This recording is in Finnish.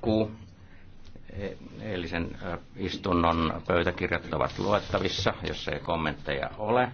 jatkuu. Eilisen istunnon pöytäkirjat ovat luettavissa, jos ei kommentteja ole.